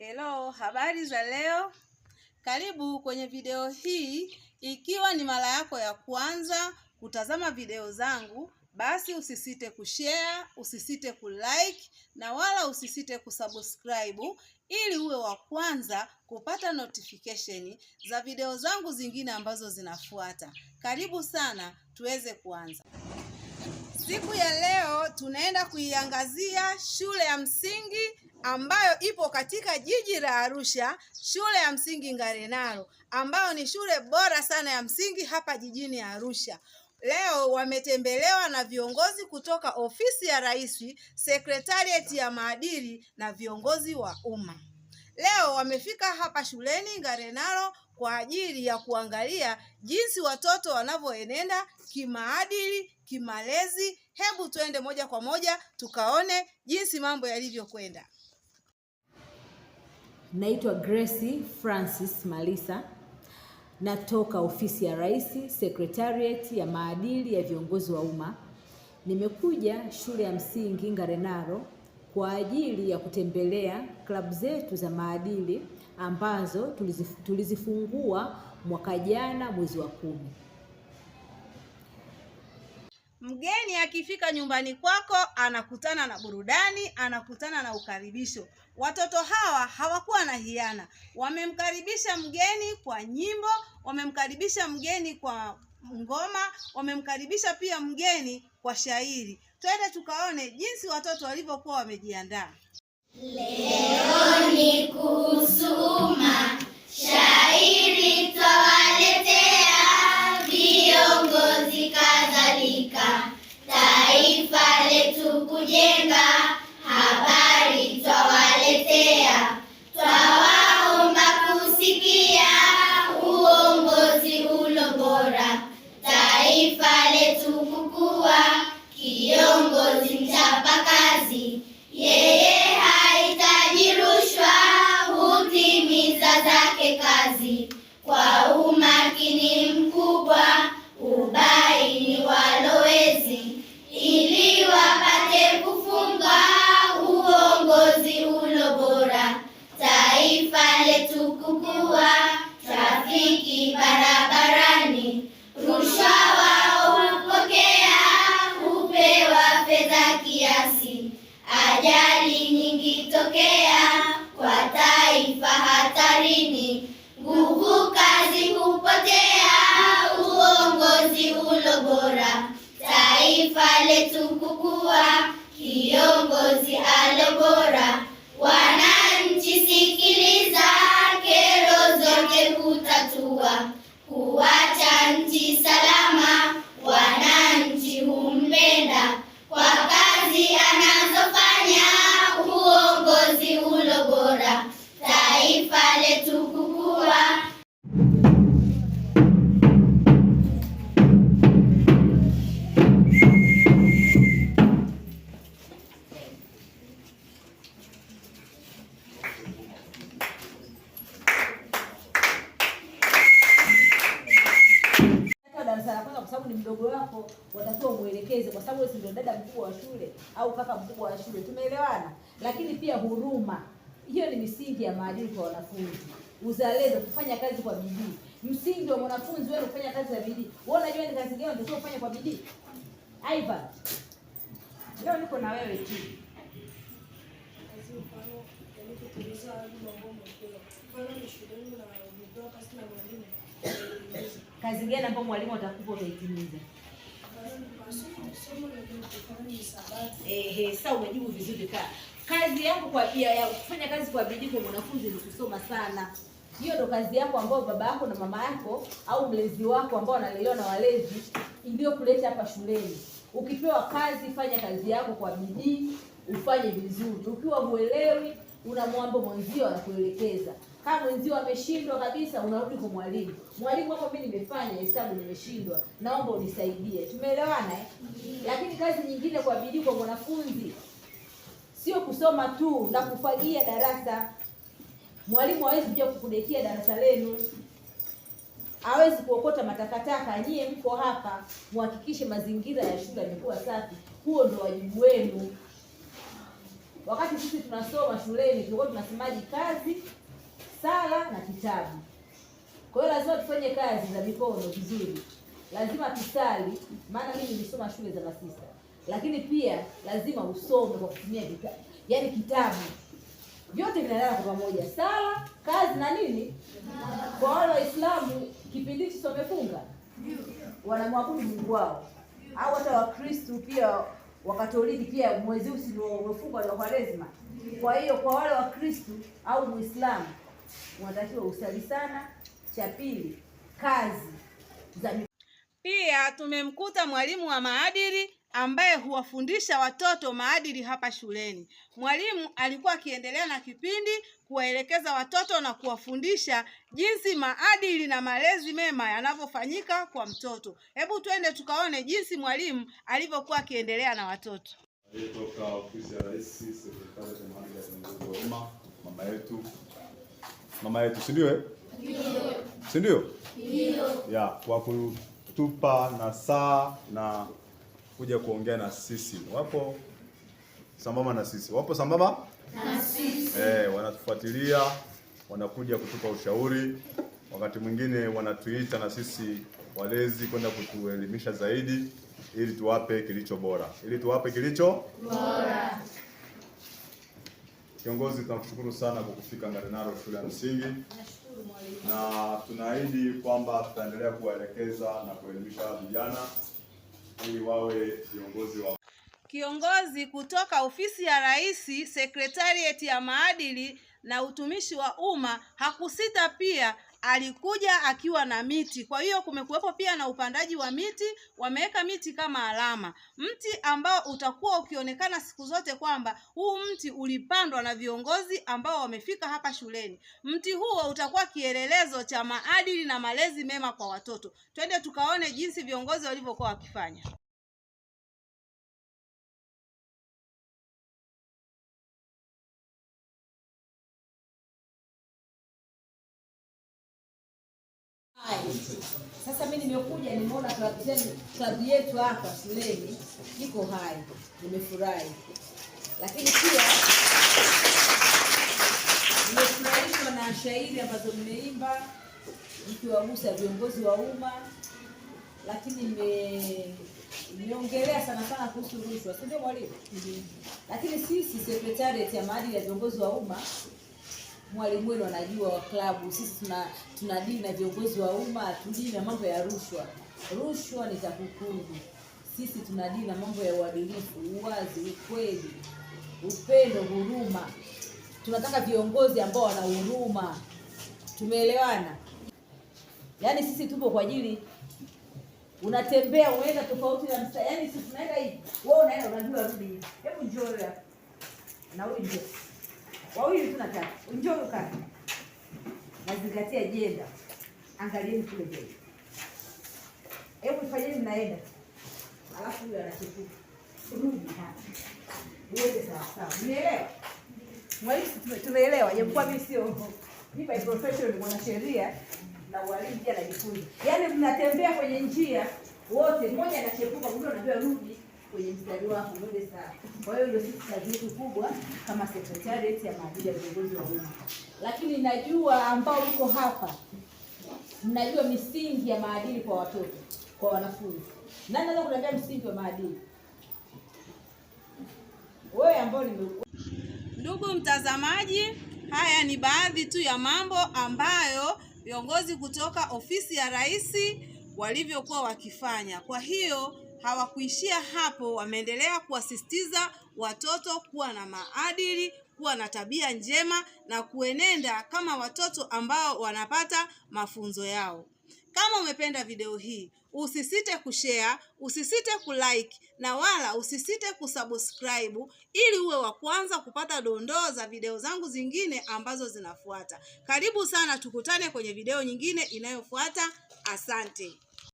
Hello, habari za leo. Karibu kwenye video hii. Ikiwa ni mara yako ya kwanza kutazama video zangu, basi usisite kushare, usisite kulike na wala usisite kusubscribe ili uwe wa kwanza kupata notification za video zangu zingine ambazo zinafuata. Karibu sana, tuweze kuanza. Siku ya leo tunaenda kuiangazia shule ya msingi ambayo ipo katika jiji la Arusha, shule ya msingi Ngarenaro, ambayo ni shule bora sana ya msingi hapa jijini Arusha. Leo wametembelewa na viongozi kutoka ofisi ya Rais, sekretarieti ya maadili na viongozi wa umma. Leo wamefika hapa shuleni Ngarenaro kwa ajili ya kuangalia jinsi watoto wanavyoenenda kimaadili, kimalezi. Hebu tuende moja kwa moja tukaone jinsi mambo yalivyokwenda. Naitwa Grace Francis Malisa, natoka ofisi ya Rais, Secretariat ya maadili ya viongozi wa umma. Nimekuja shule ya msingi Ngarenaro kwa ajili ya kutembelea klabu zetu za maadili ambazo tulizifungua mwaka jana mwezi wa kumi. Mgeni akifika nyumbani kwako anakutana na burudani, anakutana na ukaribisho. Watoto hawa hawakuwa na hiana, wamemkaribisha mgeni kwa nyimbo, wamemkaribisha mgeni kwa ngoma, wamemkaribisha pia mgeni kwa shairi. Twende tukaone jinsi watoto walivyokuwa wamejiandaa. Leo ni kusuma Yongozinja Bakazi. ajali nyingi tokea kwa taifa hatarini, nguvu kazi hupotea, uongozi ulo bora, taifa letu kukua, kiongozi alo bora wana darasa la kwanza, kwa sababu ni mdogo wako, watakiwa umwelekeze, kwa sababu wewe ndio dada mkubwa wa shule au kaka mkubwa wa shule. Tumeelewana? Lakini pia huruma, hiyo ni misingi ya maadili kwa wanafunzi. Uzalendo, kufanya kazi kwa bidii, msingi wa mwanafunzi wewe kufanya kazi kwa bidii. Wewe unajua ni kazi gani unatakiwa kufanya kwa bidii? Aiba, leo niko na wewe tu kazi gani ambayo mwalimu atakupa utaitimiza? Eh, sasa umejibu vizuri ka kazi yako kwa ya kufanya kazi kwa bidii kwa mwanafunzi ni kusoma sana. Hiyo ndo kazi yako ambayo baba yako na mama yako au mlezi wako ambao analelewa na walezi ndio kuleta hapa shuleni. Ukipewa kazi, fanya kazi yako kwa bidii, ufanye vizuri. Ukiwa huelewi mwambo mwenzio anakuelekeza. Kama mwenzio ameshindwa kabisa, unarudi kwa mwalimu. Mwalimu hapo, mimi nimefanya hesabu nimeshindwa, naomba unisaidie. Tumeelewana eh? Lakini kazi nyingine kwa bidii kwa mwanafunzi sio kusoma tu na kufagia darasa. Mwalimu hawezi kuja kukudekia darasa lenu, hawezi kuokota matakataka. Nyie mko hapa, muhakikishe mazingira ya shule yamekuwa safi. Huo ndio wajibu wenu. Wakati sisi tunasoma shuleni tulikuwa tunasemaji kazi, sala na kitabu. Kwa hiyo lazima tufanye kazi za mikono vizuri, lazima tusali, maana mimi nilisoma shule za masista, lakini pia lazima usome kwa kutumia kitabu, yaani kitabu vyote vinaendana kwa pamoja, sala, kazi na nini. Kwa wale Waislamu kipindi hicho wamefunga, wanamwabudu Mungu wao, au hata Wakristu pia Wakatoliki pia mwezi huu si umefungwa na Kwaresma. Kwa hiyo kwa wale wa kristu au Muislamu unatakiwa usali sana. Cha pili, kazi za pia tumemkuta mwalimu wa maadili ambaye huwafundisha watoto maadili hapa shuleni. Mwalimu alikuwa akiendelea na kipindi kuwaelekeza watoto na kuwafundisha jinsi maadili na malezi mema yanavyofanyika kwa mtoto. Hebu twende tukaone jinsi mwalimu alivyokuwa akiendelea na watoto. Aliyetoka ofisi ya Rais, ya Jamhuri ya wa Umma, mama yetu, mama yetu, si eh? ndio? Si ndio? Ndio. Ya, kwa kutupa na saa na kuja kuongea na sisi. Wapo sambamba na sisi, wapo sambamba na sisi. Eh, wanatufuatilia, wanakuja kutupa ushauri, wakati mwingine wanatuita na sisi walezi kwenda kutuelimisha zaidi, ili tuwape kilicho bora, ili tuwape kilicho bora. Kiongozi, tunakushukuru sana kwa kufika Ngarenaro shule ya msingi, na tunaahidi kwamba tutaendelea kuwaelekeza na kuelimisha vijana ili wawe viongozi wa kiongozi kutoka ofisi ya Rais, sekretarieti ya maadili na utumishi wa umma hakusita pia alikuja akiwa na miti. Kwa hiyo kumekuwepo pia na upandaji wa miti, wameweka miti kama alama, mti ambao utakuwa ukionekana siku zote kwamba huu mti ulipandwa na viongozi ambao wamefika hapa shuleni. Mti huo utakuwa kielelezo cha maadili na malezi mema kwa watoto. Twende tukaone jinsi viongozi walivyokuwa wakifanya. Sasa mimi nimekuja nimeona klabu yetu hapa shuleni iko hai, nimefurahi, lakini pia nimefurahishwa na shairi ambazo mmeimba mkiwagusa viongozi wa umma, lakini mmeongelea sana sana kuhusu rushwa, si ndio mwalimu? Mm-hmm. Lakini sisi sekretarieti ya maadili ya viongozi wa umma mwalimu wenu anajua wa klabu. Sisi tuna tunadili na viongozi wa umma, tudili na mambo ya rushwa. Rushwa ni TAKUKURU. Sisi tunadili na mambo ya uadilifu, uwazi, ukweli, upendo, huruma. Tunataka viongozi ambao wana huruma. Tumeelewana? Yaani sisi tupo kwa ajili unatembea unaenda tofauti na msta, yaani sisi tunaenda hivi, wewe unaenda unajua, rudi Hebu njoo na wewe njoo wawili tu nataka unjoo ukae, nazingatia jenda. Angalieni kule mbele, hebu fanyeni, mnaenda alafu huyo anachepuka, rudi uweze sawa sawa. Mnielewa mwalimu? Tumeelewa, japokuwa mimi sio by profession ni mwanasheria na ualimu pia najifunza. Yaani mnatembea kwenye njia wote, mmoja anachepuka, mwingine anajua rudi kwenye mstari wako mwende sana. Kwa hiyo ndio sisi kazi yetu kubwa kama sekretarieti ya maadili ya viongozi wa umma, lakini najua ambao uko hapa mnajua misingi ya maadili kwa watoto, kwa wanafunzi. Nani anaweza kuniambia msingi wa maadili? Wewe ambao ni Ndugu mtazamaji, haya ni baadhi tu ya mambo ambayo viongozi kutoka ofisi ya Rais walivyokuwa wakifanya. Kwa hiyo Hawakuishia hapo, wameendelea kuwasisitiza watoto kuwa na maadili, kuwa na tabia njema na kuenenda kama watoto ambao wanapata mafunzo yao. Kama umependa video hii, usisite kushare, usisite kulike na wala usisite kusubscribe ili uwe wa kwanza kupata dondoo za video zangu zingine ambazo zinafuata. Karibu sana, tukutane kwenye video nyingine inayofuata. Asante.